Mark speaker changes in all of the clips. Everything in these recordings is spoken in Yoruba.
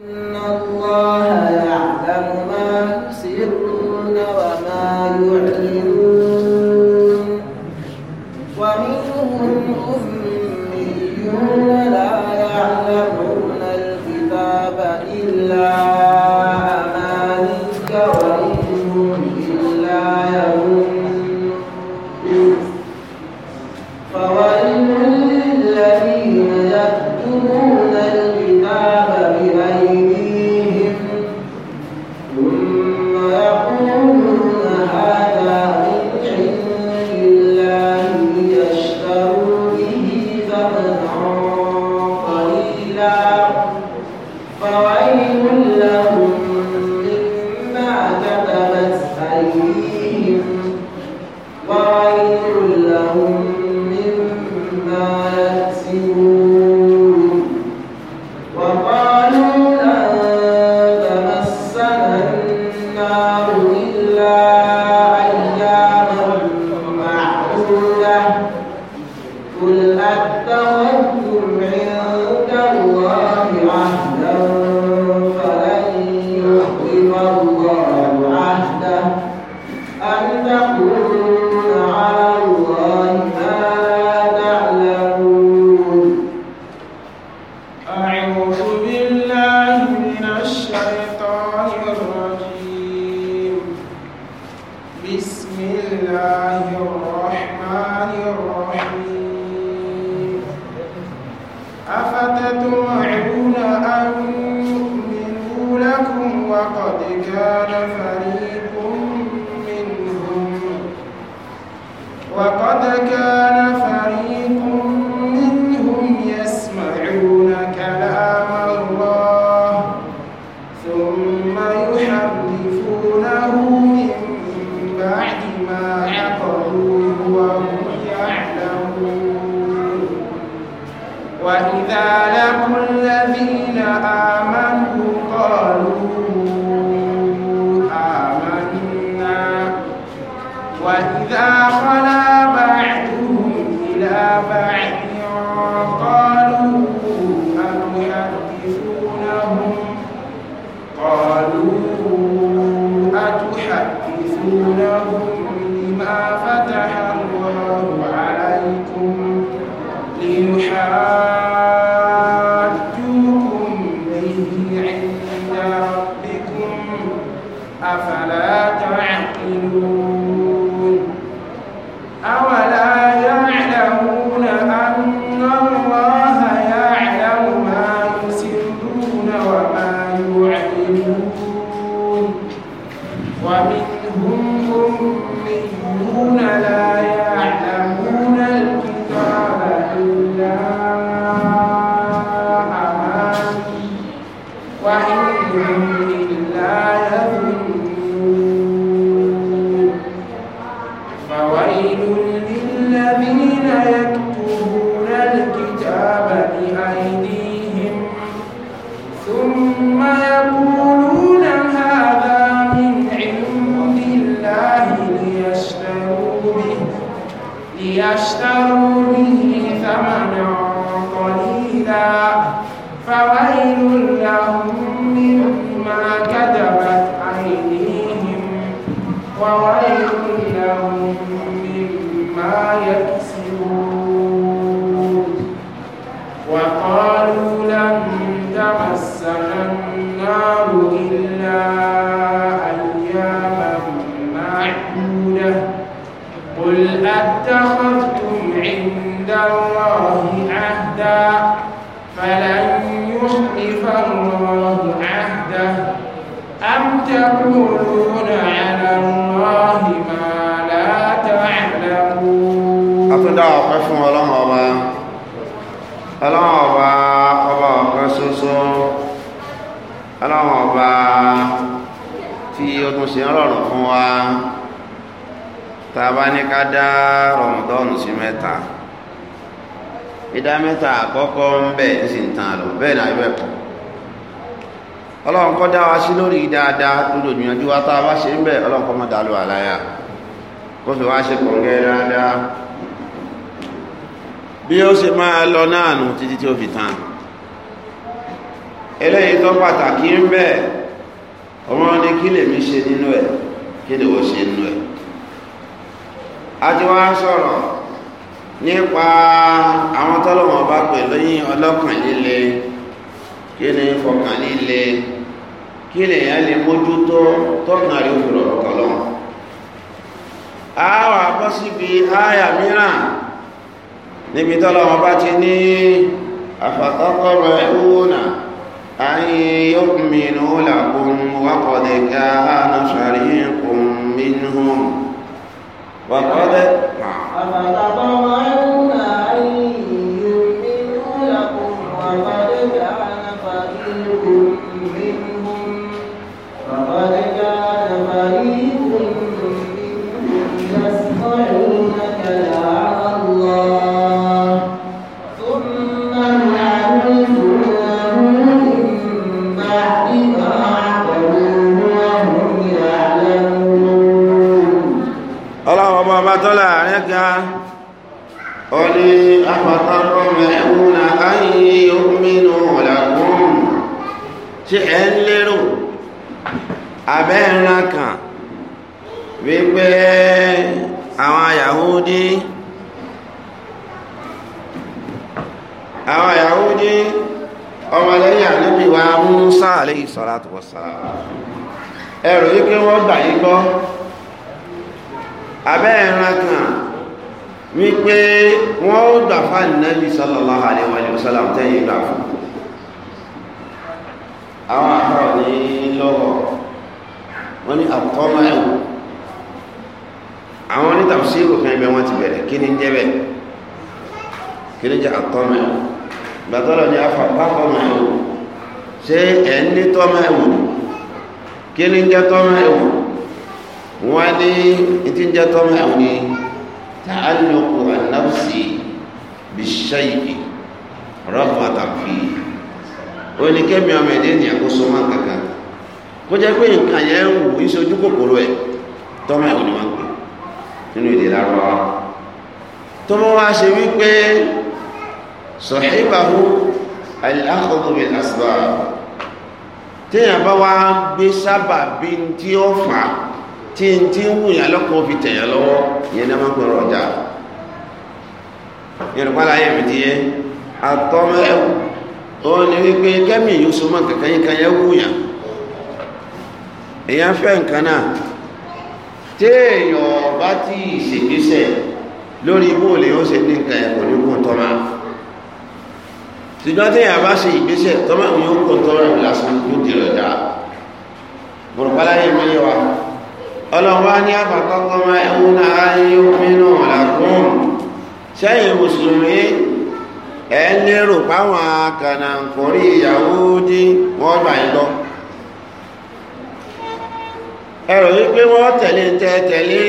Speaker 1: إن الله
Speaker 2: قل أتخذتم عند الله عهدا فلن يخلف الله عهده أم تقولون على الله ما لا تعلمون
Speaker 3: أتدعى قفوا لهم ọlọ́wọ́n ọba ọba ọ̀kan ṣoṣo ọlọ́wọ́n ọba tí ó tún ṣe fún wa tá a dá rọmọdọ́ọ̀nù sí mẹ́ta ìdá mẹ́ta àkọ́kọ́ ń bẹ̀ ń sì ń tan ọlọ nkọdawa si lori ịda ada wa ta wa se a bá ṣe ń bẹ̀ ọlọ́run kọ́ mọ́ fi lọ fi eléyìí tó pàtàkì nínú kí lè wọ́n a ti wá sọ̀rọ̀ nípa àwọn tọ́lọ́wọ̀n bá pè lóyìn ọlọ́kàn líle kí ni fọkàn líle kí ni èèyàn lè mójútó tọ́kàn rí òfin ọ̀rọ̀ kọlọ́wọ̀n bọ́ síbi áyà mìíràn níbi tọ́lọ́wọ̀n bá ti ní àfàtọ́kọ̀rọ̀ ẹ̀wọ̀nà ayé وقد نعم Ọ قل أفتطمعون أن يؤمنوا anyị ṣe ẹ ń lérò abẹ́ Yahudi Yahudi wa salatu yìí pé wípé wọ́n ó gbà fáàlì náàbì sallallahu alaihi wa sallam tẹ́yìn gbà fún àwọn àkọ́ ní lọ́wọ́ wọ́n ní àkọ́ mẹ́rin àwọn onítàbísírò kan ẹgbẹ́ wọn ti bẹ̀rẹ̀ kí ni jẹ́ bẹ́ẹ̀ kí ni jẹ́ àkọ́ mẹ́rin gbàtọ́lọ̀ ní afa pápọ̀ mẹ́rin ṣé ẹ̀ tọ́ mẹ́rin kí ni jẹ́ tọ́ mẹ́rin wọ́n ní ti tọ́ mẹ́rin تعلق النفس بالشيء رغبة فيه ó ní kẹ́mi ọmọ ẹ̀dẹ́ ènìyàn kó so máa ń kankan kó jẹ́ pé nǹkan yẹn ń wò iṣẹ́ ojú kòkòrò ẹ̀ tọ́mọ ẹ̀ ò ní wọ́n ń pè nínú èdè lárúbáwá tọ́mọ wa ṣe wípé sọ̀híbàhú al-akhadhu bil-asbab téèyàn bá wá gbé sábàbí tí ó fà á tí n tí ń wùyàn lọ́kàn fi tẹ̀yàn lọ́wọ́ yẹn ní a máa ń pẹ̀rọ ọjà yorùbá láyé mi ti yẹ àtọ́mọ́ ẹ̀wù ó ní wípé kẹ́mì yóò so mọ́ kankan yín kan yẹ wùyàn èèyàn fẹ́ nǹkan náà téèyàn bá tí ì ṣègbésẹ̀ lórí ibú òlè ó ṣe ní nǹkan ẹ̀kọ́ ní kò tọ́mà ṣùgbọ́n téèyàn bá ṣe ìgbésẹ̀ tọ́mà mi ó kò tọ́mà mi lásán yóò dèrò dáa mọ̀rùpá láyé mi yẹ wa. ọlọ́wọ́ ní àfàkọ́kọ́ ma ẹ̀wù náà yóò mínú sẹ́yìn mùsùlùmí ẹ lérò páwọn kànáńkórí Yahudi wọ́n gbà ń ẹ̀rọ wípé wọ́n tẹ̀lé tẹ́tẹ̀lé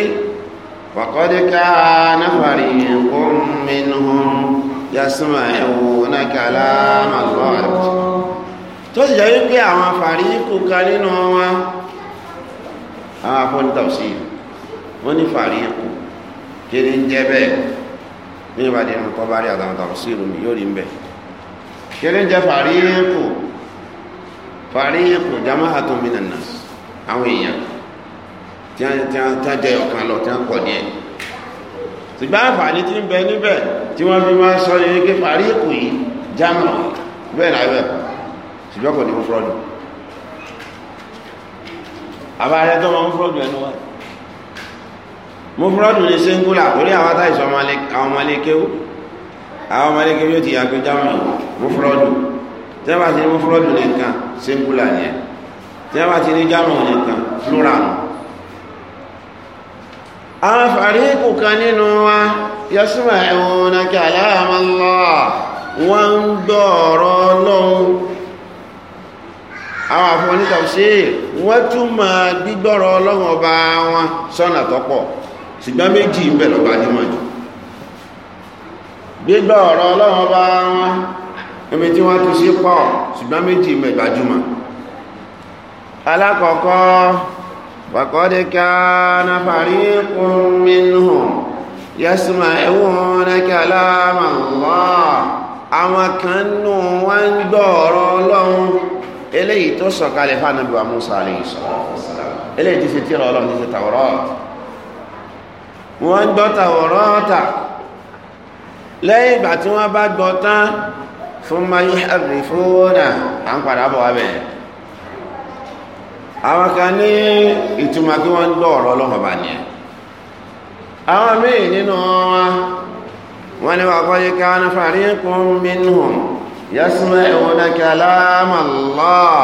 Speaker 3: faqad kana fariqun minhum yasma'una wípé àwọn afọ́nítà sí wọ́n ní fàárí ẹ̀kọ́ kí ni ń jẹ́ bẹ́ẹ̀ ní ìbàdí ẹ̀rùn kọ́ bá rí àtàwọn tàwọn sí ìrùmí yóò rí ń bẹ̀ kí ni ń jẹ́ fàárí ẹ̀kọ́ fàárí ẹ̀kọ́ jama àtọ́mìnàna àwọn èèyàn tí wọ́n jẹ́ ọ̀kan lọ tí wọ́n pọ̀ díẹ̀ ṣùgbọ́n àǹfààní tí ń bẹ níbẹ̀ tí wọ́n fi máa sọ ní kí fàárí ẹ̀kọ́ yìí jama bẹ́ẹ̀ láì ṣùgbọ́n kò ní fúrọ́dù àbárẹ tó máa ń fúrọ́dù ẹnu wa mo fúrọ́dù ní singular torí àwọn atáìsọ àwọn ọmọlékéwú àwọn ọmọlékéwú yóò ti yàgbé jámù mo fúrọ́dù tẹ́ ti ní mo fúrọ́dù nìkan singular yẹn tẹ́ bá ti ní jámù nìkan plural àwọn fàríkù kan nínú wa yasma'una kalama Allah wọ́n ń gbọ́ ọ̀rọ̀ ọlọ́run àwọn àfọwọ́n ní tàbí wọ́n tún ma gbígbọ́rọ̀ ọlọ́run ọba wọn sọ́nà tọ́pọ̀ ṣùgbọ́n méjì ń bẹ̀ lọ́ba nímọ̀ jù gbígbọ́ ọ̀rọ̀ ọlọ́run ọba
Speaker 4: wọn
Speaker 3: tí wọ́n tún sí pọ̀ ṣùgbọ́n méjì ń alákọ̀ọ́kọ́ eléyìí tó sọ̀kalẹ̀ fún ànábì wa Musa alayhi salam eléyìí ti ṣe tírà Ọlọ́run ti ṣe Tawrat wọ́n gbọ́ Tawrata lẹ́yìn ìgbà tí wọ́n bá gbọ́ tán fún mayú ẹ̀rì fúnà à ń padà bọ̀ wábẹ̀ àwọn kan ní ìtumọ̀ kí wọ́n gbọ́ ọ̀rọ̀ Ọlọ́run ọba nìyẹn àwọn míì nínú wọn wọn ni wà kọ́ yìí ká ní fàríkùn minhum yasma'una kalam Allah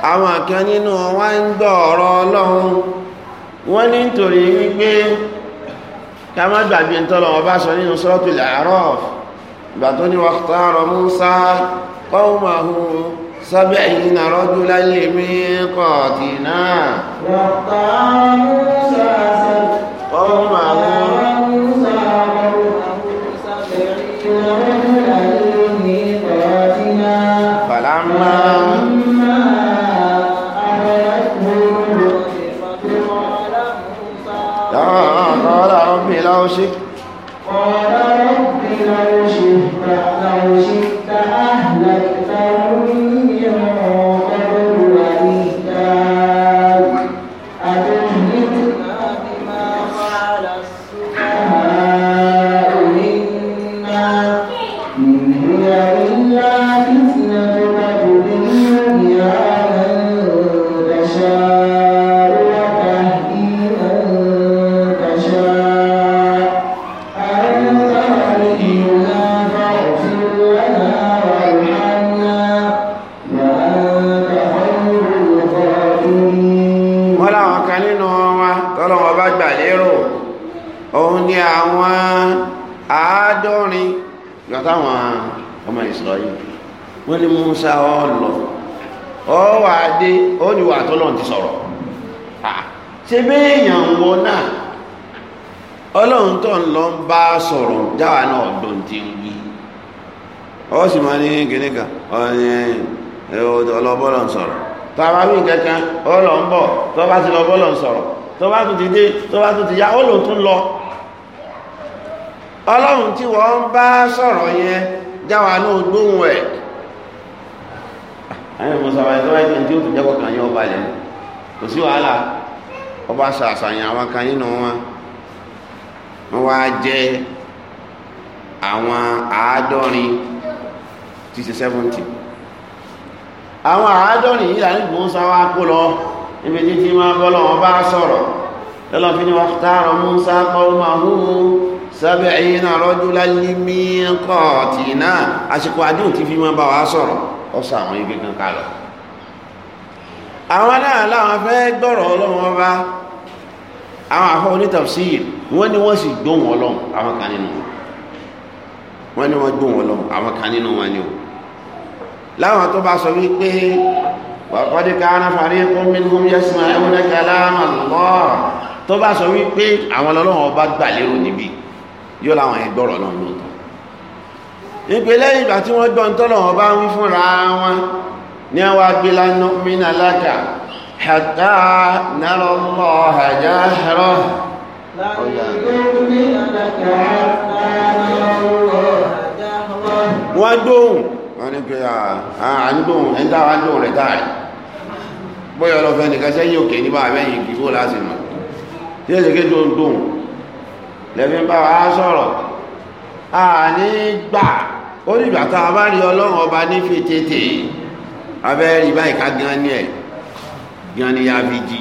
Speaker 3: àwọn kan nínú wa ń gbọ́ ọ̀rọ̀ ọlọ́run wọ́n ní nítorí wípé ká má gbàgbé ń tọ́lọ̀ ọba sọ nínú suratul A'raf ìgbà tó ní tọ́lọ́run ti sọ̀rọ̀ ṣe béèyàn wọ náà ọlọ́run tó ń lọ ń bá sọ̀rọ̀ dáwà náà ọ̀dọ̀ ti ń wí ọ sì máa ní kìnnìkan ọlọ́bọ́lọ́ ń sọ̀rọ̀ tó bá wí kankan ọlọ́ bọ̀ tó bá ti lọ sọ̀rọ̀ tó bá tún ti dé tó bá tún ti yá ó lòun tún lọ ọlọ́run tí wọ́n bá sọ̀rọ̀ yẹn dáwà náà gbóhùn ẹ̀ àwọn ọmọ sábà tó wáyé tí ó tún jẹ́kọ̀ọ́ kan yín ọba lẹ̀ kò sí wàhálà ọba ṣàṣàyàn àwọn kan yín nù wọn wọn wá jẹ àwọn àádọ́rin ti ṣe seventy àwọn àádọ́rin yìí láti gbọ́n sáwá kó lọ níbi títí máa bọ́ lọ́wọ́ bá sọ̀rọ̀ lọ́lọ́ ni wọ́n tààrọ̀ Musa qawmahu sab'ina rajulan limiqatina àsìkò àdéhùn ti fi máa bá wa sọ̀rọ̀ ọ̀sọ̀ àwọn igi kan kalọ̀ àwọn náà láwọn fẹ́ gbọ́rọ̀ ọlọ́run ọba àwọn afọ onítafsir wọ́n ní wọ́n sì gbóhùn ọlọ́run àwọn kan nínú wọn wọ́n ní wọ́n gbóhùn ọlọ́run àwọn kan nínú wọn ni o láwọn tó bá sọ wípé وقد كان فريق منهم يسمعون كلام الله tó bá sọ wípé àwọn ọlọ́run ọba gbà lérò níbi yóò láwọn ẹgbọ́rọ̀ náà lóòótọ́ ìpè lẹ́yìn ìgbà tí wọ́n gbọ́ ń tọ́lọ̀ wọn bá ń fúnra wọn ní àwọn agbélá mínà lákà hatta nara Allaha wọ́n gbóhùn wọ́n ní pé àágbóhùn ẹ̀dá wá gbóhùn rẹ̀ dáa bóyá ọlọ́fẹ́ nìkan sẹ́yìn òkè níbà bá wa sọ̀rọ̀ ó ní ìgbà tá a bá rí ọlọ́run ọba ní fi tètè abẹ́ rí báyìí ká gan ni ẹ̀ gan ni yàfi jì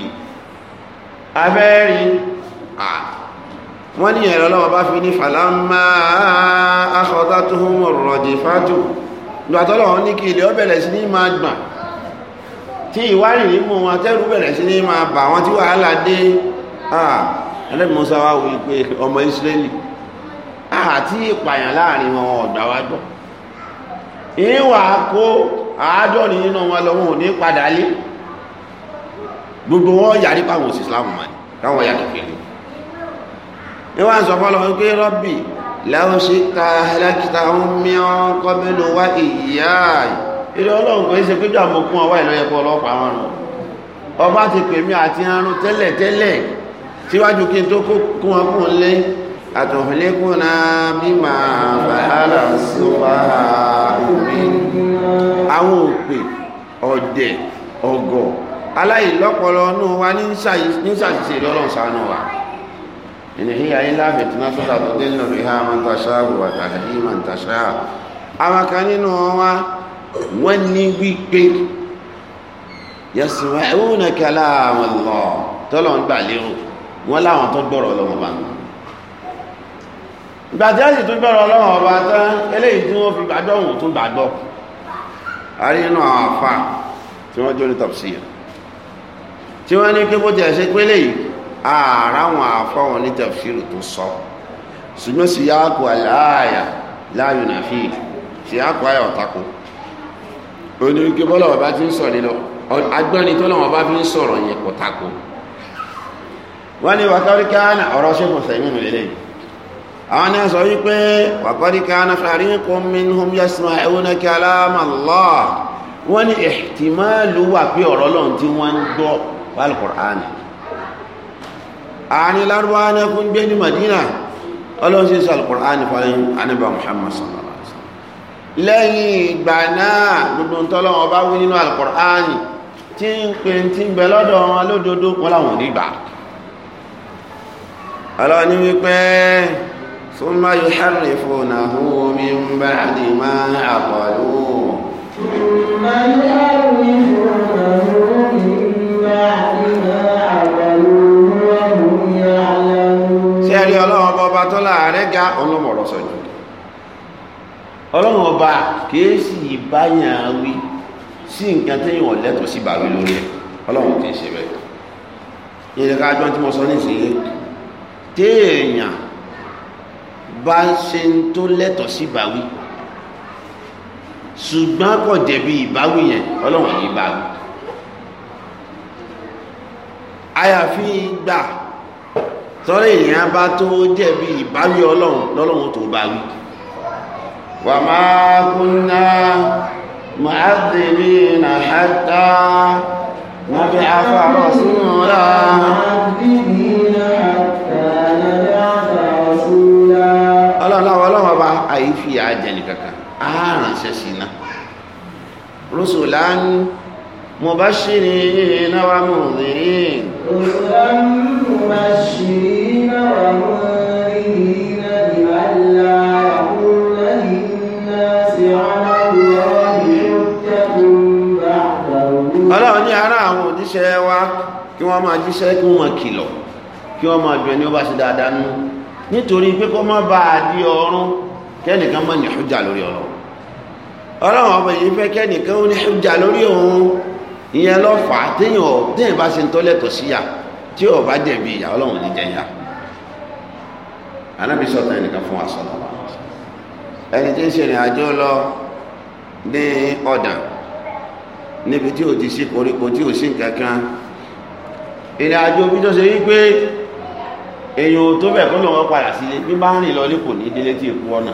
Speaker 3: abẹ́ rí wọ́n ní ẹ̀rọ ọlọ́run bá fi ní fàlámà akọ̀tà tó hún mọ̀rọ̀ jì fátù ìgbà tó lọ́wọ́ ní kí ilé ọ bẹ̀rẹ̀ sí ní máa gbà tí ìwárì nímú wọn tẹ́rù bẹ̀rẹ̀ sí ní máa bà wọn tí wàhálà dé ẹlẹ́mọ̀ọ́sá wá ọmọ ìsírẹ́lì àti ìpààyàn láàrin wọn ọ̀gbà wájọ́ ìwà kó àádọ́rin nínú wọn lọ́wọ́ ò ní padà lé gbogbo wọn yàrí pàwọn òsì islam mọ̀ káwọn yàtọ̀ fèrè ìwà ń sọ fọ́lọ́ pé rọ́bì láwọn ṣe ta alákìta ń mìíràn kọ́mínú wá ìyá ìrẹ́ ọlọ́run kò ṣe péjọ àmọ́kún ọwá ìlọ́yẹ̀kọ́ ọlọ́pàá wọn rùn ọba ti pèmí àti arún tẹ́lẹ̀ tẹ́lẹ̀ síwájú kí n tó kó kún ọkùn lẹ́yìn àtòhìlékúnná mímà bàhálà síwá omi àwọn òpè ọ̀dẹ̀ ọ̀gọ̀ aláìlọ́pọ̀lọ́ ní wa ní ṣàṣìṣe lọ́lọ́run ṣàánú wa ìnìyà ilá fìtínà sọ́tà tó dé nínú ìhà mọ́ntàṣá wàtà àdí mọ́ntàṣá àwọn kan nínú wa wọ́n ní wípé yẹ̀sùn ẹ̀wọ̀n kẹlá àwọn lọ tọ́lọ́ ń gbà wọ́n láwọn tó gbọ́rọ̀ lọ́wọ́ bá ń gbàtí àti tó gbọ́rọ̀ ọlọ́run ọba tán eléyìí tí wọ́n fi gbàgbọ́ òun tún gbàgbọ́ àrí inú àwọn àfà tí wọ́n jó ní tafsir tí wọ́n ní kíkó tí a ṣe pé léyìí ààrá àwọn àfà wọn ní tafsir tó sọ ṣùgbọ́n sì yá kó àyà láàyò náà fi ṣe yá kó àyà ọ̀tako oníkí bọ́lá ọba ti ń sọ̀rọ̀ lọ agbẹ́ni tó lọ́wọ́ bá fi ń sọ̀rọ̀ yẹn kò tako wọ́n ní wàkàrí káánà ọ̀rọ̀ ṣe kò sẹ́yìn nù eléyìí àwọn náà sọ wípé wàkọ́díkà anáfàrí kún minhum yasma'una kalam Allah wọ́n ní ihtimalu wà pé ọ̀rọ̀ lọ́n tí wọ́n ń gbọ́ wal-Qur'an àní lárúbá náà kún gbé ní Madina ọlọ́run sí sọ al anábà Muhammad sallallahu alaihi lẹ́yìn ìgbà náà gbogbo tọ́lọ́wọ́ bá wí nínú al-Qur'an tí ń pè tí ń bẹ lọ́dọ̀ wọn lódodo wọn làwọn ò ní gbà ọlọ́run wípé ثم يحرفونه من بعد ما عقلوه ثم
Speaker 1: يحرفونه
Speaker 3: من بعد الله بابا طلع رجع الله مرة سجد ọlọ́run ọba kìí sì báyàn wí sí nǹkan téèyàn lẹ́tọ̀ọ́ sí bàbí lórí ẹ̀ ọlọ́run kìí ṣe bẹ́ẹ̀ ìrẹ̀ka ajọ́ tí mo sọ nísìnyí téèyàn bá ṣe ń tó lẹ́tọ̀ sí ìbáwí ṣùgbọ́n kò jẹ̀bi ìbáwí yẹn ọlọ́run ní ìbáwí àyàfi gbà tọ́lẹ̀ èèyàn bá tó jẹ̀bi ìbáwí ọlọ́run lọ́lọ́run tó báwí wà máa kúnná máa dèbí nà wọ́n fi afárọ̀ sínú rà á jẹ́ àjẹni kankan àáránṣẹ́ sí iná rusulan mubashirin wa mudhirin rusulan mubashirin
Speaker 1: wa mudhirin la'alla yaqula lin-nasi 'ala Allahi hujjatun ba'da ọlọ́run
Speaker 3: ní ara àwọn òjíṣẹ́ wa kí wọ́n máa jíṣẹ́ kí wọ́n máa kìlọ̀ kí wọ́n máa jọ ẹni ó bá dáadáa nú nítorí pé kó má bàa di ọ̀run kẹ́nìkan mọ́ ní hujja lórí ọ̀rọ̀ ọlọ́run ọba yìí fẹ́ kẹ́nìkan ó ní hujja lórí òun ìyẹn lọ fà á téèyàn téèyàn bá ṣe ń tọ́lẹ̀tọ̀ síyà tí ò bá jẹ̀bi ìyà ọlọ́run ní jẹ̀yà anábì sọ̀tàn ẹnìkan fún wa sọ̀tàn ẹni tí ń ṣe ìrìn àjò lọ ní ọ̀dàn níbi tí ò ti sí koríko tí ò sí nǹkan ìrìn àjò bí tó ṣe rí pé èèyàn tó bẹ̀ kó lòun padà sílé bí bá ń rìn lọ ní ní délé tí èkú ọ̀nà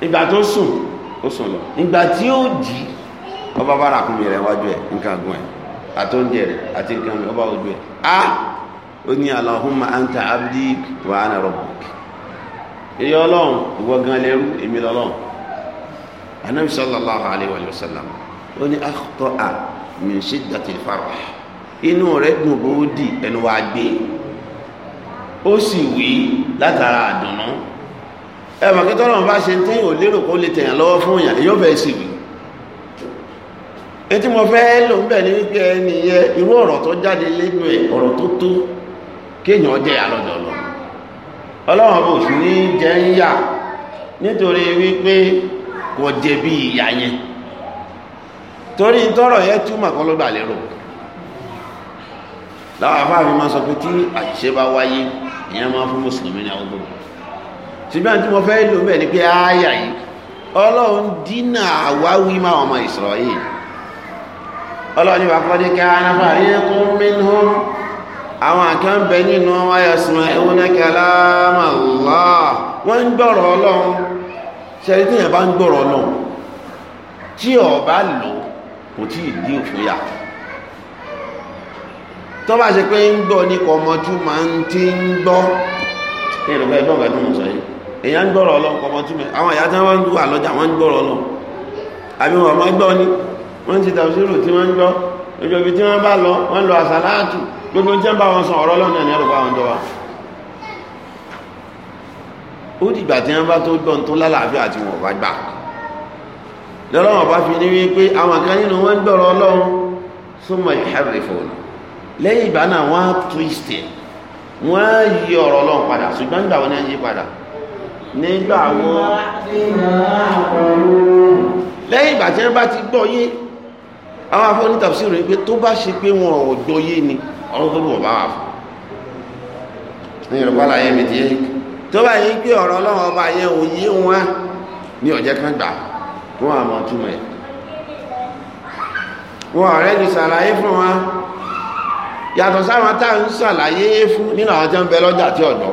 Speaker 3: ìgbà tó sùn ó sùn lọ ìgbà tí ó jí ọba bá ra kùnmí rẹ̀ wájú ẹ̀ nǹkan gùn ẹ̀ àtúndẹ̀ rẹ̀ àti nǹkan mi ọba ojú ẹ̀ á ó ní Allahumma anta abdi wa ana rabbuk èyí ọlọ́run ìwọ gan lẹ́rú èmi lọ́lọ́run anabi sallallahu alayhi wa sallam ó ní akhta'a min shiddatil farah inú rẹ̀ dùn bó dì ẹnu wa gbé ó sì wí látara àdùnnú ẹ̀mọ̀ kí tọ́lọ́run bá ṣe tẹ́yìn ò lérò kó lè tẹ̀yàn lọ́wọ́ fún yàn yóò ò bẹ̀ sì wí etí mo fẹ́ lò ń bẹ̀ ní wípé ẹni yẹ irú ọ̀rọ̀ tó jáde lẹ́nu ọ̀rọ̀ tó tó jẹ́ àlọ́dọ̀ ọlọ́run bò sí ní jẹ́ ń yà nítorí wípé kò ìyá yẹn torí tọ́rọ̀ túmọ̀ kọ́ sọ pé tí àṣìṣe bá wáyé ìyẹn máa fún mùsùlùmí ní àwọn ṣùgbọ́n tí mo fẹ́ lò bẹ́ẹ̀ ni pé ááyà yìí ọlọ́run dínà ọmọ Ísírẹ́lì ọlọ́run ìwà kọ́dé ká anáfààrí ẹkún mínú àwọn àkàn bẹ nínú wáyà súnmọ́ wọ́n ń ọlọ́run tí yẹn bá ń èyàn ń gbọ́rọ̀ ọlọ́run kọmọ túnmẹ̀ àwọn ìyá tí wọ́n ń wà lọ́jà wọ́n ń gbọ́rọ̀ ọlọ́run àbí wọn gbọ́ ni wọ́n ti tàbísírò tí wọ́n ń gbọ́ ọjọ́ ibi tí wọ́n bá lọ wọ́n lọ àsàláàtù gbogbo tí wọ́n bá wọn sọ ọ̀rọ̀ ọlọ́run náà ní wọn jọ wa ó dìgbà tí wọ́n bá tó gbọ́ nígbà lẹ́yìn ìgbà tí wọ́n bá ti gbọ́ yé àwọn afọ́ ní tafsir rẹ̀ pé tó bá ṣe pé wọn ò gbọ́ yé ni ọ̀rọ̀ tó bọ̀ bá wà fún ní ìrọ̀pá láyé mi díẹ̀ tó bá yẹ pé ọ̀rọ̀ ọlọ́run ọba yẹn ò yé wọn ní ọ̀jẹ́ kan gbà wọn àmọ́ túmọ̀ ẹ̀ wọn ọ̀rẹ́ ju ṣàlàyé fún wọn yàtọ̀ sáwọn táwọn ń ṣàlàyé fún nínú àwọn tí wọ́n bẹ lọ́jà tí ọ̀dọ́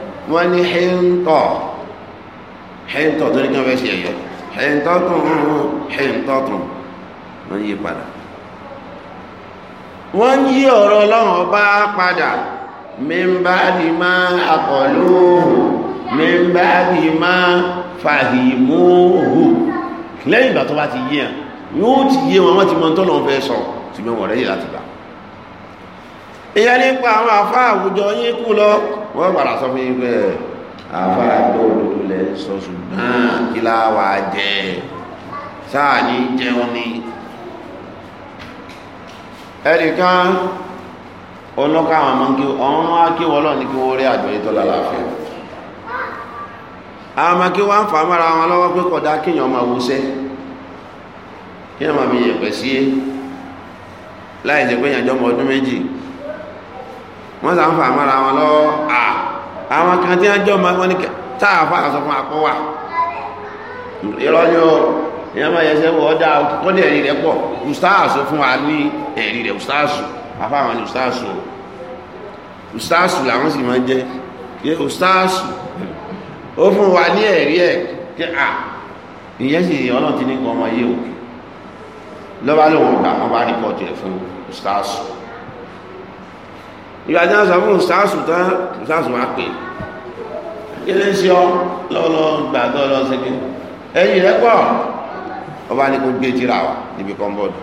Speaker 3: wọ́n ní hẹ́ńtọ̀ hẹ́ńtọ̀ tó ní kí wọ́n fẹ́ ṣe ẹ̀yẹ hẹ́ńtọ̀ tún hẹ́ńtọ̀ tún wọ́n yí padà wọ́n yí ọ̀rọ̀ ọlọ́run ọba padà mímbá ni máa àkọlù mímbá ni máa fàhìmóhù lẹ́yìn ìgbà tó bá ti yí ẹ̀ yóò ti yé wọn wọ́n ti mọ tó lọ́n fẹ́ sọ ṣùgbọ́n wọ̀rẹ́ yìí láti gbà ìyẹn nípa àwọn àfáà àwùjọ yín kú lọ wọ́n padà sọ fún yín pé àfa àgbọ̀ òdodo sọ ṣùgbọ́n kí láwa jẹ sáà ní jẹun ni ẹnìkan olóka àwọn ọmọ kí ọ̀run á kí wọ́n lọ ní kí wọ́n rí àjọ yìí tó àwọn ọmọ kí wọ́n fà mọ́ra wọn lọ́wọ́ pé wọ́n sàn fà mọ́ra wọn lọ́wọ́ à àwọn kan tí wọ́n jọ ma wọ́n ní táàfà sọ fún akọ́ wà irọ́ ni ó èèyàn máa yẹ sẹ́wọ̀ ọ́dà kọ́ ní ẹ̀rí rẹ̀ pọ̀ ustaasu fún wa ní ẹ̀rí rẹ̀ ustaasu afáwọn ni ustaasu o ustaasu làwọn sì máa ń jẹ́ yẹ ustaasu ó fún wa ní ẹ̀rí ẹ̀ kí à ìyẹn sì ọlọ́run ti ní kọ́ ọmọ yìí o lọ́ba lòun gbà wọ́n bá rìpọ́ọ̀tì ẹ̀ fún ustaasu ìgbà tí wọ́n sọ fún ṣáàsù tán ṣáàsù wá pè kí ló ń ṣe ọ lọ́wọ́lọ́ gbàdọ́ lọ sí kí ẹ̀yìn rẹ pọ̀ ọba ní kó gbé tìrà wa níbi kọ́ńbọ́ọ̀dù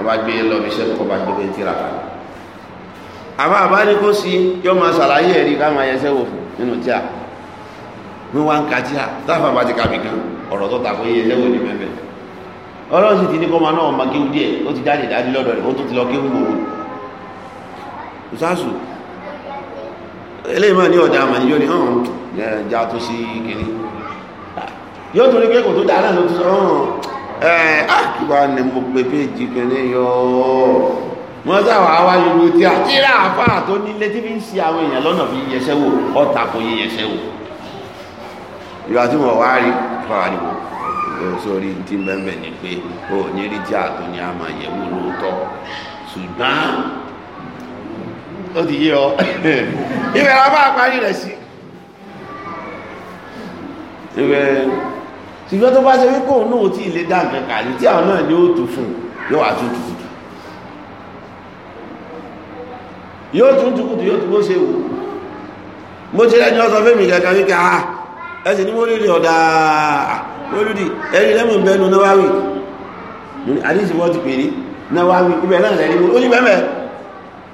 Speaker 3: ọba gbé lọ fi ṣẹ́kọ̀ọ́ ọba gbé tìrà wa àmọ́ àbá ní kó sí yọ máa ṣàlàyé ẹ̀rí ká máa yẹsẹ́ wò fún nínú tíà ní wá ń ka tíà táfà bá ti ka bì kan ọ̀rọ̀ tó tako yẹsẹ́ wò ní mẹ́fẹ́ ọlọ́run sì ti ní kọ́ máa náà máa kéwú díẹ̀ ó ti jáde dájú lọ́dọ̀ rẹ̀ ó tún ti lọ kéwú gbòòrò ìsáàsù eléyìí máa ní ọ̀dà àmàlì yóò ní hàn já tó sí kìíní yóò torí pé kò tó dáa náà ló ti sọ hàn ẹ àkíwá ni mo pe péjì kìíní yọ wọ́n sáwà wá yòrò tí a tí ra àfáà tó nílé tí fi ń ṣe àwọn èèyàn lọ́nà fi yẹsẹ́ wò ọ̀tà kò yẹ yẹsẹ́ wò ìwà tí wọ́n wá rí pariwo sórí tí bẹ́ẹ̀ ni pé o ní rí tí a tó ní a máa yẹ̀wò lóòótọ́ ṣùgbọ́n ó ti yé ọ ibẹ̀ la bá parí rẹ̀ sí ibẹ̀ ṣùgbọ́n tó bá ṣe wípé òun náà tí ilé dá nǹkan kàlí tí àwọn náà ní ó tù fún yóò wà tún tukutu yóò tún tukutu yóò tún bó ṣe wò mo ti rẹ́ni ọ̀sán fẹ́mi kankan wípé ah, ah ẹsẹ̀ ah, ní mọ́lúdì ọ̀dà mọ́lúdì ẹni lẹ́mù bẹnu náwáwì àdíṣe wọ́n ti pè ní náwáwì ibẹ̀ náà lẹ́ni mọ́lúdì bẹ́ẹ̀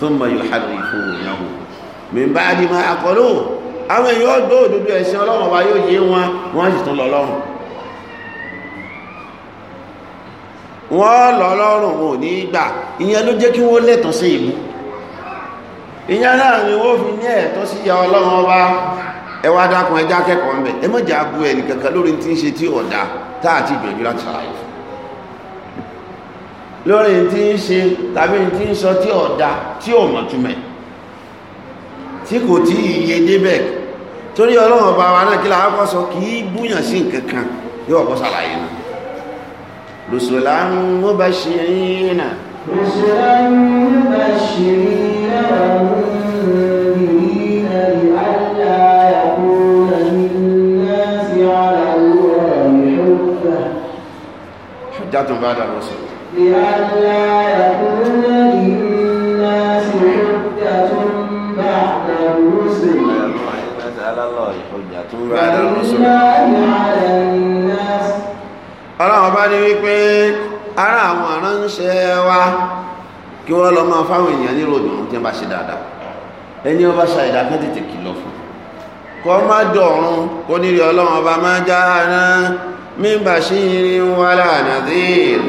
Speaker 3: ثم yuharrifunahu من بعد ما aqaluhu àwọn èèyàn gbọ́ òdodo ẹ̀sìn ọlọ́run wa yóò yé wọn wọ́n sì tún lọ lọ́rùn wọ́n lọ lọ́rùn wọn ò ní gbà ìyẹn ló jẹ́ kí wọ́n lẹ́tọ̀ọ́ sí ìmú ìyẹn náà ni wọ́n fi ní ẹ̀tọ́ sí ìyá ọlọ́run ọba ẹ dákun ẹjá kẹ́kọ̀ọ́ ń bẹ̀ ẹ mọ̀jà lórí tí ń ṣe tàbí tí ń sọ tí ọ̀dá tí ò mọ̀túnmẹ̀ tí kò tí iye débẹ̀ torí ọlọ́run ọba wa náà kí láwọn kọ́ sọ kì í búyàn sí nǹkan kan yóò kọ́ sàlàyé náà lùsùlá ń mú bá ṣe yín náà
Speaker 1: ọlọ́run
Speaker 3: bá ní wípé ara àwọn aránṣẹ́ wa kí wọ́n lọ máa fáwọn èèyàn ní ròdì ohun tí wọ́n bá ṣe dáadáa ẹni ọba ṣàìdá kan tètè kìlọ̀ fún kọ́ má dọ̀run kó nírí ọlọ́run ọba máa já ara mímbà sí irin wàhálà nàdíìrì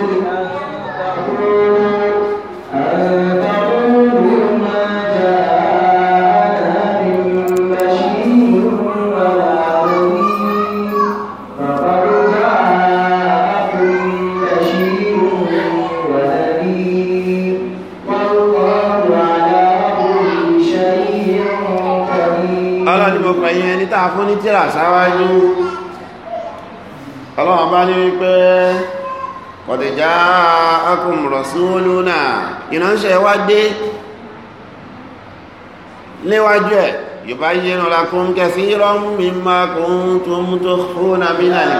Speaker 3: fún ní tíra sáwájú ọlọ́wọ́n bá ní wípé kọ̀dẹ̀já akùnrọ̀ sí olóòna ìránṣẹ́ wá dé léwájú ẹ̀ yóò yé nù lakún kẹsí rọ́mù mi máa kún tó mú tó fún nàbínà lè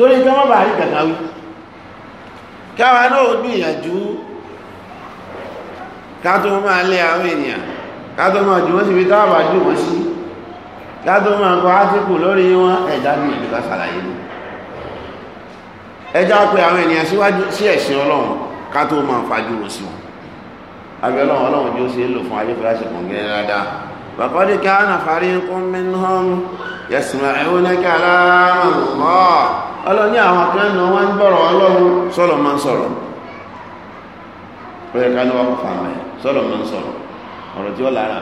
Speaker 3: torí kí wọ́n bá rí gàgà wí káwa náà gbìyànjú ká tó máa lé àwọn ènìyàn ká tó máa jù wọ́n síbi tá àbá jù wọ́n sí ká tó máa kọ átíkù lórí wọn ẹ̀dá ní ìlú ká ṣàlàyé ni ẹjá pé àwọn ènìyàn síwájú sí ẹ̀sìn ọlọ́run ká tó máa fajú wọn sí wọn abẹ́ ọlọ́run ọlọ́run jó sí lò fún ayé fúláṣẹ̀ kọ̀ǹgẹ́ dáadáa فقد كان فريق منهم يسمعون كلام الله ọlọ́ni àwọn kan náà wọ́n ń gbọ́rọ̀ ọlọ́run sọ́lọ̀ máa ń sọ̀rọ̀ pẹ̀lú ẹ̀ka ní wọ́n fà mẹ́ sọ́lọ̀ máa ń sọ̀rọ̀ ọ̀rọ̀ tí ó lára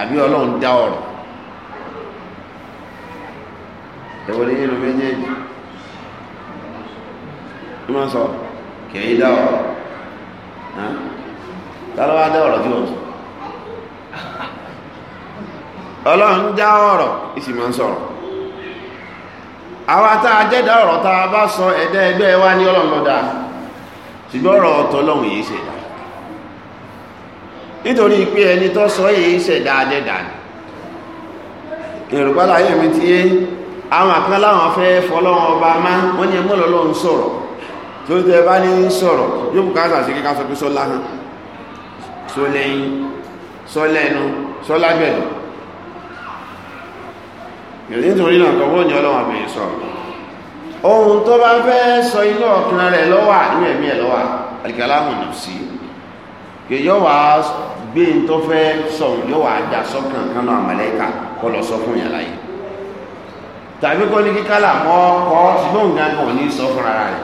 Speaker 3: àbí ọlọ́run dá ọ̀rọ̀ ẹ̀wọ̀n ní ìlú méjèèjì ó máa ń sọ kẹ̀yìn dá ọ̀rọ̀ tá ló wá dá ọ̀rọ̀ tí wọ́n sọ ọlọ́run já ọ̀rọ̀ ìsì máa ń sọ̀rọ̀ àwa tá a jẹ́dá ọ̀rọ̀ tá a bá sọ ẹ̀dá ẹgbẹ́ wa ní ọlọ́run lọ́dà ṣùgbọ́n ọ̀rọ̀ ọ̀tọ̀ ọlọ́run yìí ṣẹ̀dá nítorí pé ẹni tó sọ yìí ṣẹ̀dá adẹ́dà ni yorùbá láyé mi ti yé àwọn àkán láwọn fẹ́ fọlọ́run ọba má wọ́n ní ẹmọ́ lọ́lọ́run sọ̀rọ̀ tó tẹ bá ní sọ̀rọ̀ yóò bùkátà sí kíkà sọ pé sọ láhán sọ lẹ́yìn sọ́lẹ́nu sọ́lágbẹ̀lú nítorí náà kọ̀wọ́ ní ọlọ́wọ́ àbẹ̀yẹ sọ ohun tó bá fẹ́ sọ inú ọ̀kan rẹ̀ lọ́wà inú ẹ̀mí ẹ̀ lọ́wà alìkàlámù nù sí kì yọ́ wá gbé ń tó fẹ́ sọ yọ́ wá dà sọ́kàn kan náà mọ̀lẹ́kà kọ́ lọ sọ fún yàrá yìí tàbí kọ́ ní kíkálà mọ́ kọ́ ṣùgbọ́n nǹkan kan ní sọ fún ara rẹ̀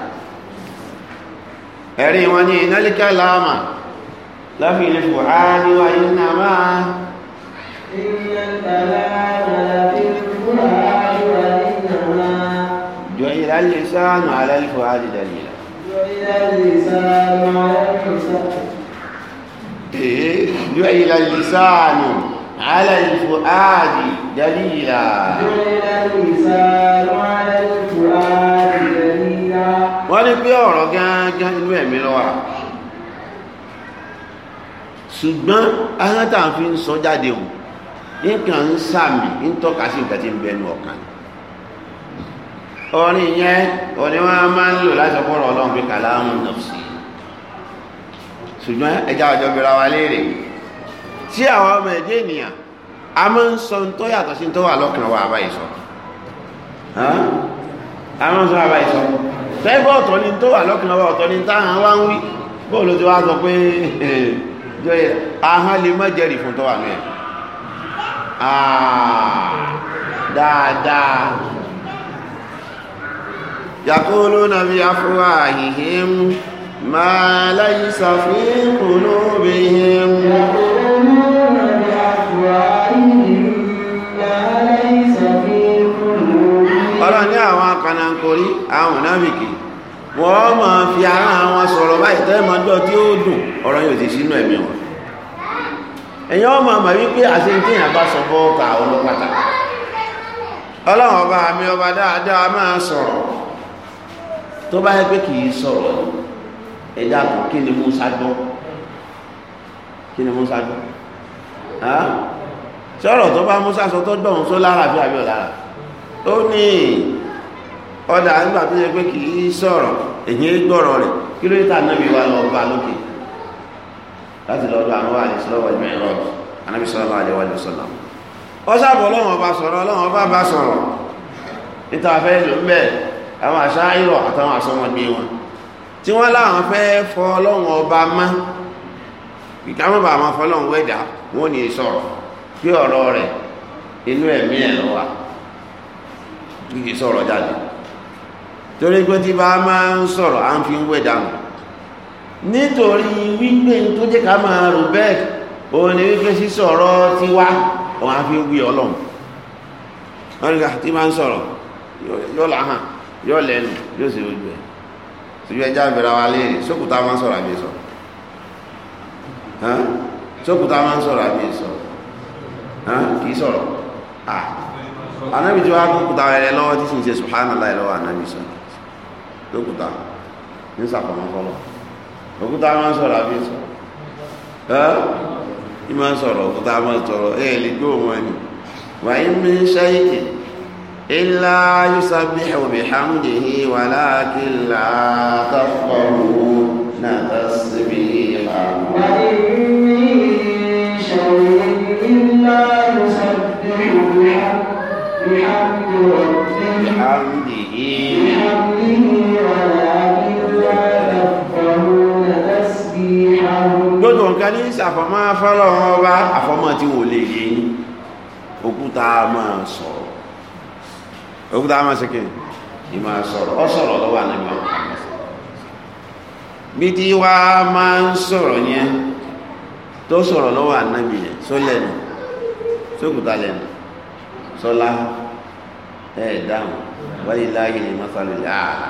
Speaker 3: ẹ̀rí wọn ní inálékàlámà لفي الفؤاد
Speaker 2: وإنما
Speaker 1: إن الكلام لفي الفؤاد وإنما
Speaker 3: جعل اللسان على الفؤاد دليلا
Speaker 1: جعل اللسان
Speaker 3: على الفؤاد جعل اللسان على الفؤاد دليلا جعل اللسان على
Speaker 1: الفؤاد دليلا
Speaker 3: wọ́n ní pé ọ̀rọ̀ gángan inú ẹ̀mí lọ́wọ́ ṣùgbọ́n ahọ́n tá à ń fi ń sọ jáde hù nǹkan ń sàmì ń tọ́ka sí nǹkan tí ń bẹnu ọ̀kan orin yẹn orin wọn máa ń lò láti ọpọlọ Ọlọ́run pé kàlámù nọfsì ṣùgbọ́n ẹja ọjọ́ gbéra wa léèrè tí àwọn ọmọ ẹdẹ ènìyàn a máa ń sọ ń tó yàtọ̀ sí ń tó wà lọ́kàn wa àbáyé sọ a máa ń sọ àbáyé sọ fẹgbẹ ọ̀tọ̀ ni ń tó wà lọ́kàn wa ọ̀tọ̀ ni ń táwọn wa ń wí bóòlù tí wàá sọ pé jọyẹ ahọ́n lè má jẹ́rì fún tó wà ní ẹ̀ ah, dáadáa yàkúrú na bí afúwà àhìhìm máa láyé sàfíìkù lóbi hìm ọ̀rọ̀ ní àwọn akànnà kòrí àwọn náà bìkì wọ́n máa fi ara wọn sọ̀rọ̀ báyìí tẹ́ máa dọ́ tí ó dùn ọ̀rọ̀ yóò ti sínú ẹ̀mí wọn ẹ̀yìn ọmọ àmà wípé àṣẹ ìdíyàn bá sọ bọ́ọ̀kà olópàtà ọlọ́run ọba àmì ọba dáadáa máa sọ̀rọ̀ tó bá yẹ pé kì í sọ̀rọ̀ ẹ̀dá kò kí ni Musa gbọ́ kí ni Musa gbọ́ sọ̀rọ̀ tó bá Musa sọ tó dọ̀hún só lára bí àbí ọ̀lára ó ní ọ̀dà nígbà tó yẹ pé kì í sọ̀rọ̀ èyí gbọ́rọ̀ rẹ̀ kí ló ọba lọ bá lókè láti lọ́dọ̀ àwọn àìsílọ́wọ́ ìmọ̀ ẹ̀rọ anábì sọ́lá àlẹ́wà lè sọ́lá ọba sọ̀rọ̀ ọba bá sọ̀rọ̀ níta fẹ́ lò ń àwọn àṣà ìrọ̀ àtàwọn wọn tí wọ́n láwọn fẹ́ fọ ọba bá wọn ò ní sọ̀rọ̀ kí ọ̀rọ̀ rẹ̀ torí pé tí bá máa ń sọ̀rọ̀ à ń fi ń wẹ̀ dànù nítorí wípé tó jẹ́ ká máa rò bẹ́ẹ̀ òun ni wípé sísọ̀rọ̀ ti wá òun á fi ń wí ọlọ́run wọ́n ní ká tí máa ń sọ̀rọ̀ yóò láhàn yóò lẹ́nu yóò sì ojú ẹ̀ síbi ẹja ìbẹ̀rẹ̀ wa léèrè sókùtà máa ń sọ̀rọ̀ àbí sọ̀rọ̀ sókùtà máa ń sọ̀rọ̀ àbí sọ̀rọ̀ kì í sọ̀rọ̀ ànábì tí wàá kókùtà rẹ̀ lọ́wọ́ tí sì ń ṣe subhanallah lọ́wọ́ ànábì sọ̀rọ̀ lókùtà ní sàpamọ́ fọlọ́ òkúta máa ń sọ̀rọ̀ àbí sọ̀rọ̀ ẹ́ ní máa ń sọ̀rọ̀ òkúta máa ń sọ̀rọ̀ ẹ̀ lè gbé òun ẹni wàyí mi ṣáyìkì ilá yusabi ẹ̀wọ̀bì hàmdì ní wàhálà kìlá tọ́pọ̀rù náà tọ́sibí àwọn.
Speaker 2: بحمده بحمده
Speaker 3: nǹkan ní ìsàfọ́mọ́ fọ́lọ́run ọba àfọ́mọ́ tí wò lè yé yín òkúta máa sọ̀rọ̀ òkúta máa ṣe kí ni máa sọ̀rọ̀ ọ sọ̀rọ̀ lọ́wọ́ àná ìmọ̀ bí tí wá máa ń sọ̀rọ̀ yẹn tó sọ̀rọ̀ lọ́wọ́ àná ìyẹn sólẹ̀nù sókùtà lẹ́nu sọlá ẹ̀ dáhùn wáyé láàyè ní masalẹ̀ ààrà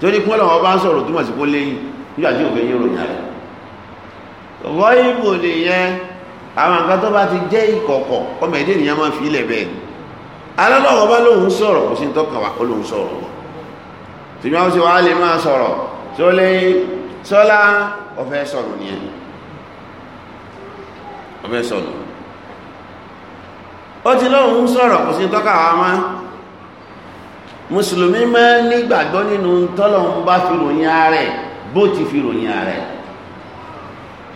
Speaker 3: torí kúnlẹ̀ wọn bá ń sọ̀rọ̀ túmọ̀ sí kó léyìn nígbà tí òfin yín ròyìn rọ́ìbò lè yẹn àwọn nǹkan tó bá ti jẹ́ ìkọ̀kọ̀ ọmọ èdè nìyẹn máa fi ilẹ̀ bẹ́ẹ̀ ni alọ́lọ́wọ́ bá lóhun sọ̀rọ̀ kò sí ń tọ́kàn wá olóhun sọ̀rọ̀ wọn tí wọ́n sì wá lè máa sọ̀rọ̀ tí ó lè sọ́lá ọ̀fẹ́ sọ̀rọ̀ nìyẹn ọ̀fẹ́ sọ̀rọ̀ ó ti lóhun sọ̀rọ̀ kò sí ń tọ́kàn wá máa mùsùlùmí máa nígbàgbọ́ nínú tọ́lọ́hun bá fi ròyìn ààrẹ bó ti fi ròyìn ààrẹ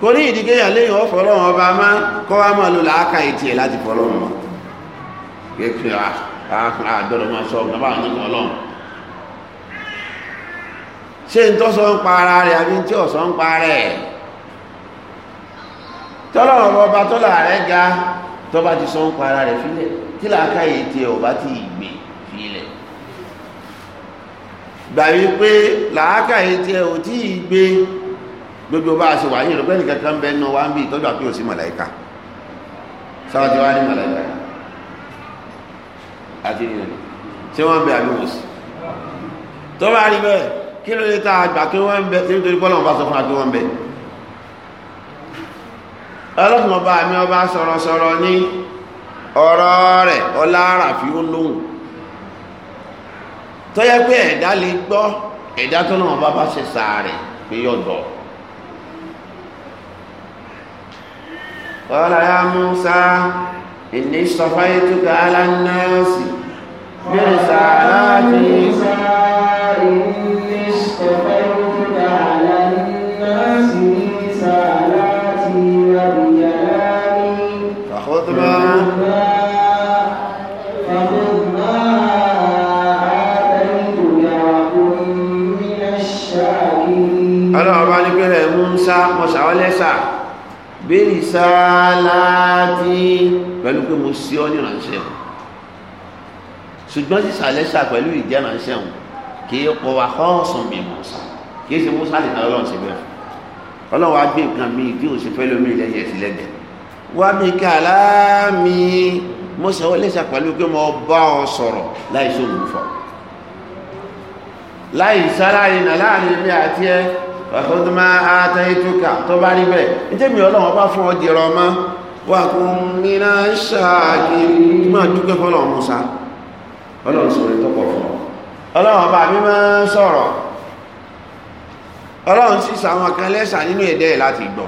Speaker 3: kò ní ìdíkéyà léyìn ọ̀fọ̀ ọlọ́run ọba máa kọ́ wá máa lò láàkà ìtì ẹ̀ láti fọ́ ọlọ́run mọ́ kéèké àdọ́dọ̀ máa sọ ọ̀gbọ̀n báwọn nínú ọlọ́run ṣé n tó sọ ń pa ara rẹ̀ àbí tí ò sọ ń pa rẹ̀ tọ́lọ́run ọba tọ́lá rẹ̀ ga tó ti sọ ń pa ara rẹ̀ fílẹ̀ tí làákà ìtì ẹ̀ ò ti gbè fílẹ̀ gbà wípé làákà ìtì ẹ̀ ò tí ì gbé gbogbo bá a ṣe wà ní ìrọ̀pẹ́ nìkan kan bẹ́ẹ̀ nù wá ń bí ìtọ́jú àpé òsì màláìka sáwọn ti wá ní màláìka àti ìrìnà ṣé wọ́n ń bẹ àbí wò sí. tó bá rí bẹ́ẹ̀ kí ló lè ta àgbà kí wọ́n ń bẹ tí nítorí bọ́lá wọn bá sọ fún wa kí wọ́n ń bẹ. ọlọ́kùnrin ọba mi ọba sọ̀rọ̀sọ̀rọ̀ ní ọ̀rọ̀ rẹ̀ ọlára fi ó lóhùn tó pé ẹ̀dá lè gbọ́ ẹ̀dá قال يا موسى إني اصطفيتك على الناس برسالاتي إني اصطفيتك على الناس
Speaker 1: برسالاتي وبكلامي فخذ ما
Speaker 3: ọlọ́run bá ní pẹ́rẹ́ mú ń sá mọ̀ṣáwọ́lẹ́sà bẹ́ẹ̀ni sáláàtì pẹ̀lú pé mo sí ọ ní ìránṣẹ́ o ṣùgbọ́n sísà lẹ́sà pẹ̀lú ìjẹ́ ìránṣẹ́ o kì í kọ wa kọ́ọ̀sùn mi mọ̀ sá kì í ṣe Mùsá lè náà ọlọ́run ṣe bẹ́ẹ̀ ọlọ́run á gbé nǹkan mi kí o ṣe fẹ́ lómi lẹ́yìn ẹ̀sìn lẹ́gbẹ̀ẹ́ wá mi ká láàmì mo sọ ọ lẹ́sà pẹ̀lú pé mo bá ọ sọ̀rọ̀ láì sóògùn fọ láì sáláàrin náà láàrin mi àti ẹ fàkóso máa àtẹ ìtúkà tó bá rí bẹ́ẹ̀ níjẹ́ mi ọlọ́run bá fún ọ dìrọ̀ ọmọ wà kún nínú ṣáàkiri máa dúpẹ́ fọlọ́run musa ọlọ́run sọ̀rọ̀ ìtọ́pọ̀ fún ọ ọlọ́run bá mi máa ń sọ̀rọ̀ ọlọ́run sì sàwọn kan lẹ́sà nínú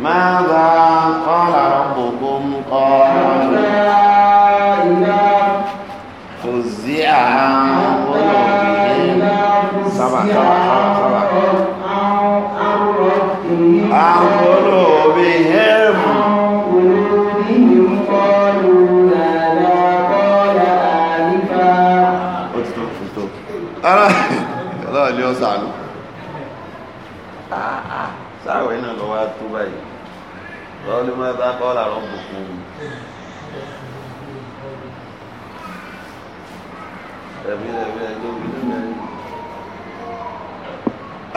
Speaker 3: ماذا قال ربكم قالوا فزع عن قلوبهم سبع سبع سبع سبع عن قلوبهم ọlọ́run ni ó sàánú ah, ah, sáàwẹ̀ náà lọ́wọ́ tó báyìí lọ́wọ́ ló máa bá kọ́ làrọ̀ bùkún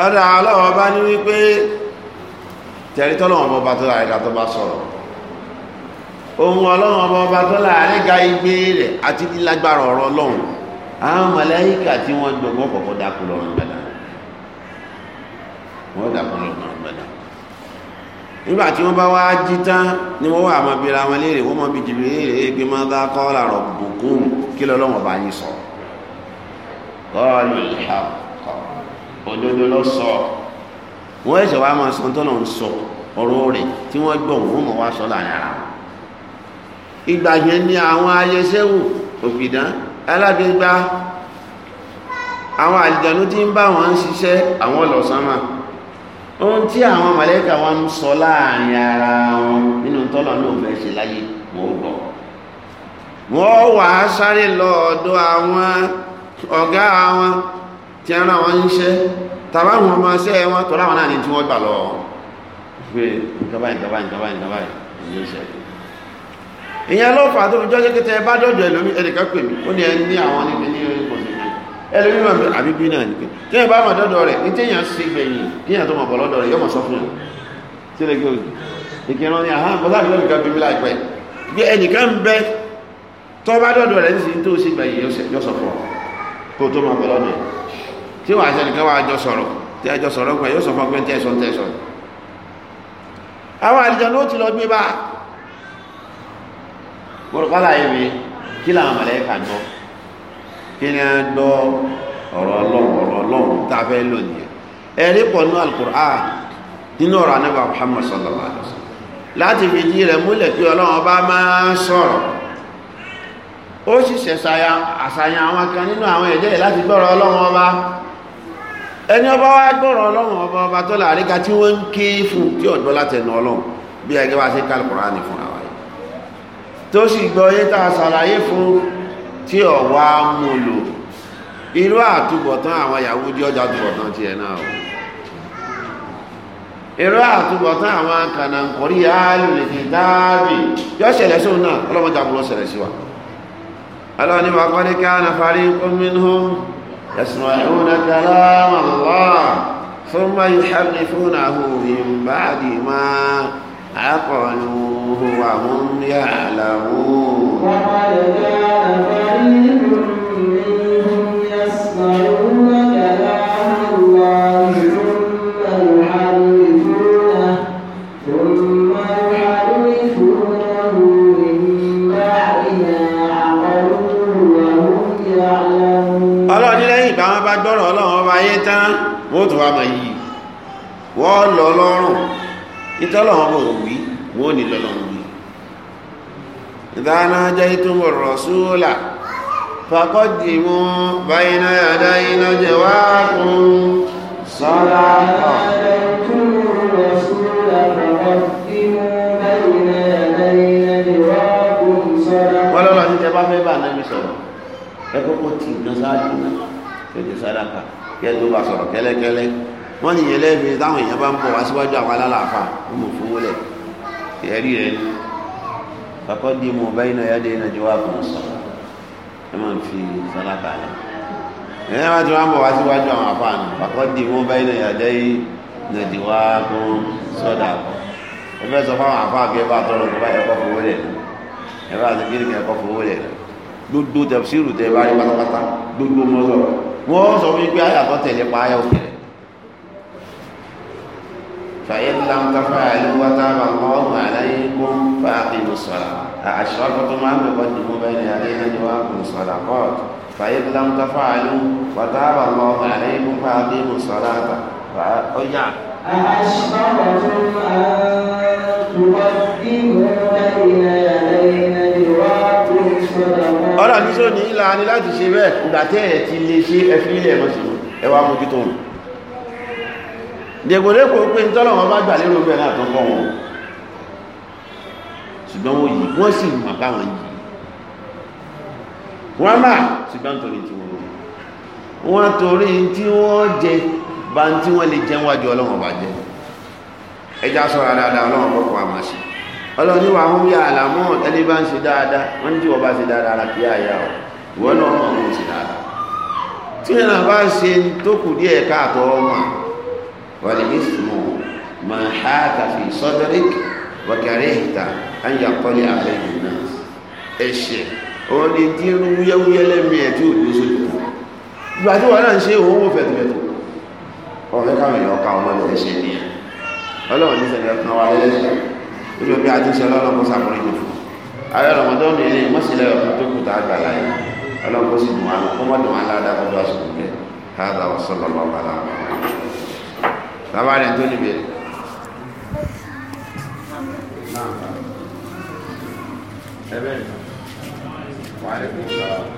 Speaker 3: ọ̀dà ọlọ́wọ́ bá ní wípé tẹ̀rítọ́lọ́wọ́ ọba tó láàrin ká tó bá sọ̀rọ̀ ohun ọlọ́wọ́ ọba tó láàrin ká igbe rẹ̀ àti lágbára ọ̀rọ̀ ọlọ́run àwọn màláíkà tí wọ́n gbọ́gbọ́ kọ̀kọ́ dákú lọ́rùn gbẹ̀dà wọ́n dákú lọ́rùn gbẹ̀dà nígbà tí wọ́n bá wá jí tán ni wọ́n wà mọ́ kọ́ọ̀lù ìhàkọ́ òdodo lọ sọ wọ́n ẹ̀sẹ̀ wá máa sọ tó lọ́n sọ ọ̀rọ̀ rẹ̀ tí wọ́n gbọ́ òun mọ̀ wá sọ láàrin ara wọn ìgbà yẹn ni àwọn ayẹsẹ́wò òfìdán alágbègbà àwọn àlìjànú tí ń bá wọn ń ṣiṣẹ́ àwọn ọlọ́sánmà ohun tí àwọn mọ̀lẹ́kà wọn ń sọ láàrin ara wọn nínú tọ́lọ̀ náà fẹ́ ṣe láyé wọ́n gbọ́ wọ́n wàá sáré lọ àwọn ọ̀gá wọn tí ara wọn ń ṣẹ́ tàbá wọn ọmọ ṣẹ́ wọn tọ́lá wọn náà ní tí wọ́n gbà lọ pé nǹkan báyìí nǹkan báyìí nǹkan báyìí nǹkan báyìí ìyẹn ṣe ìyẹn ló fà á tó fi jọ́ kékeré bá dọ̀jọ̀ ẹlòmí ẹnìkan pè mí ó ní ẹni ní àwọn níbi ní orí kòsì ẹlòmí mọ̀ àbí bí náà nìkan tí ẹ bá mọ̀ dọ́dọ̀ rẹ̀ ní téèyàn ṣe gbẹ̀yìn kéèyàn tó mọ̀ bọ̀ lọ́dọ̀ rẹ̀ yóò mọ̀ sọ fún yàn tí ó lè gbé òjì ìkìrán ni àhán bọ́lá àbí lọ́nìkan bí mi láìpẹ́ bí ẹnìkan ń bẹ tó bá dọ́dọ̀ rẹ̀ ní sì tó ṣe gbẹ̀yìn yóò sọ fún ọ kó tó máa bẹ lọ́dọ̀ tí wàá sẹ́ni ká wàá jọ sọ̀rọ̀ tí ẹjọ sọ̀rọ̀ pé yóò sọ fún ọgbẹ́ tẹ̀sán tẹ̀sán àwọn àlejò ló ti lọ gbé bá kọ́lá yìí mi kí làwọn mọ̀lẹ́kà gbọ́ kí ni a gbọ́ ọ̀rọ̀ ọlọ́run ọ̀rọ̀ ọlọ́run tá a fẹ́ lò nìyẹn ẹ̀rí pọ̀ nínú alukur'an nínú ọ̀rọ̀ anábà Muhammad sallallahu alaihi wa sallam láti fi jí rẹ̀ múlẹ̀ pé ọlọ́run ọba máa sọ̀rọ̀ ó sì ṣẹ̀ṣàyà àṣàyàn àwọn kan nínú àwọn ẹ̀jẹ́ láti gbọ́rọ̀ ọlọ́run ọba ẹni ọba wá gbọ́rọ̀ ọlọ́run ọba ọba tó láàrín ká tí wọ́n ń ké fún tí ọ̀dọ́ látẹnu ọlọ́run bí ẹgbẹ́ wá sí kálùkùrá ní fún àwa yìí tó sì gbọ́ yé tá a ṣàlàyé fún tí ọ̀wá mú lò irú àtúbọ̀tán àwọn Yahudi ọjà àtúbọ̀tán tiẹ̀ náà o irú àtúbọ̀tán àwọn kànáńkọ̀rí alùlẹ̀kẹ̀ dáàbì yọ ṣẹlẹ̀ sóun náà ọlọ́mọdé àbúrò ṣẹlẹ̀ sí wa ọlọ́ni wà kọ́ ní kí a na fari kúmínú yasma'una kalam Allah thumma yuharrifunahu min ba'di ma عقلوه وهم يعلمون وقد كان
Speaker 1: فريق
Speaker 3: gbọ́rọ̀ ọlọ́run ọba ayé tán wọ́n tún wá máa yìí wọ́n lọ lọ́rùn ìtọ́lọ́run bò wí wọ́n ní lọ́lọ́run wí. ìdáná jẹ́ ìtumọ̀ rọ̀ṣúlà fàkọ́dìmú báyìí yàdá iná jẹ́ wá kún sọ́lá ọ̀. wọ́n lọ́lọ́ ní sáájú náà tẹ̀lé sádàkà kẹ́ tó bá sọ̀rọ̀ kẹ́lẹ́kẹ́lẹ́ wọ́n ní yẹn lẹ́ẹ̀mí táwọn èèyàn bá ń bọ̀ wá síwájú àwọn alálàáfà ọmọ fún wọlé ẹ̀rí rẹ̀ ni kàkọ́ di mọ̀ báyìí náà yá dé iná jọ wá fún un sọ̀rọ̀ ẹ máa ń fi sádàkà lẹ̀ ẹ̀yẹ́ bá ti wá ń bọ̀ wá síwájú àwọn àfààní kàkọ́ di mọ̀ báyìí náà yá dé iná jọ wá fún sọ́dà ẹ fẹ́ sọ fáwọn àfààní ẹ bá tọrọ ẹ̀kọ́ fowó lẹ̀ ẹ bá ti kí wọ́n sọ wípé ayàtọ̀ tẹ̀lé pa ayà òkè rẹ̀ fàyẹn làǹtàfà àlùwátà bàbá ọ̀gbà aláyé kún fàákì mùsọ̀lá àṣọ tó máa ń bẹ̀kọ́ dìbò bẹ́ẹ̀ ni alẹ́ ẹni wà kún sọ̀lá kọ́ọ̀tù fàyẹn làǹtàfà àlùwátà bàbá ọ̀gbà aláyé kún fàákì mùsọ̀lá ọ̀yà. àṣọ tó
Speaker 4: máa
Speaker 3: ní sóní ìlà ní láti ṣe bẹ́ẹ̀ ìgbàtẹ́ ẹ̀ ti lè ṣe ẹfìlẹ̀ mọ́sí ẹwà mójútó wọn dẹ̀gbọ̀lẹ́kọ̀ọ́ pé ń tọ́lọ̀ wọn bá gbà lérò bẹ́ẹ̀ náà tó kọ́ wọn ṣùgbọ́n wọ́n yìí wọ́n sì mọ̀ báwọn yìí wọ́n máa ṣùgbọ́n torí tí wọ́n wọ́n torí tí wọ́n jẹ bá ń tí wọ́n lè jẹ́ wájú ọlọ́wọ́n bá ọlọ́ni wà hún yà àlàmọ́ ẹni bá ń ṣe dáadáa wọ́n ní tí wọ́n bá ṣe dáadáa ara kí àyà ọ̀ ìwọ́n náà mọ̀ wọ́n ṣe dáadáa tí wọn náà bá ṣe tó kù díẹ̀ káàtó ọmọ wà ní ìsìnkú máa ha kàfi sọdọ́rík wàkàrí ìta àyà pọ́lí àbẹ́yìn náà ọlọ́run ní sẹ́ni ọ̀kan wa lẹ́lẹ́sẹ̀ ibi òbí àti ìṣẹ́ ọlọ́run kó sàkórí jù fún ààrẹ ọ̀rọ̀mọdọ́ ní ilé mọ́sílẹ̀ ọ̀kan tó kù tá a gbà láyé ọlọ́run kó sì dùn àwọn kó
Speaker 4: mọ́ dùn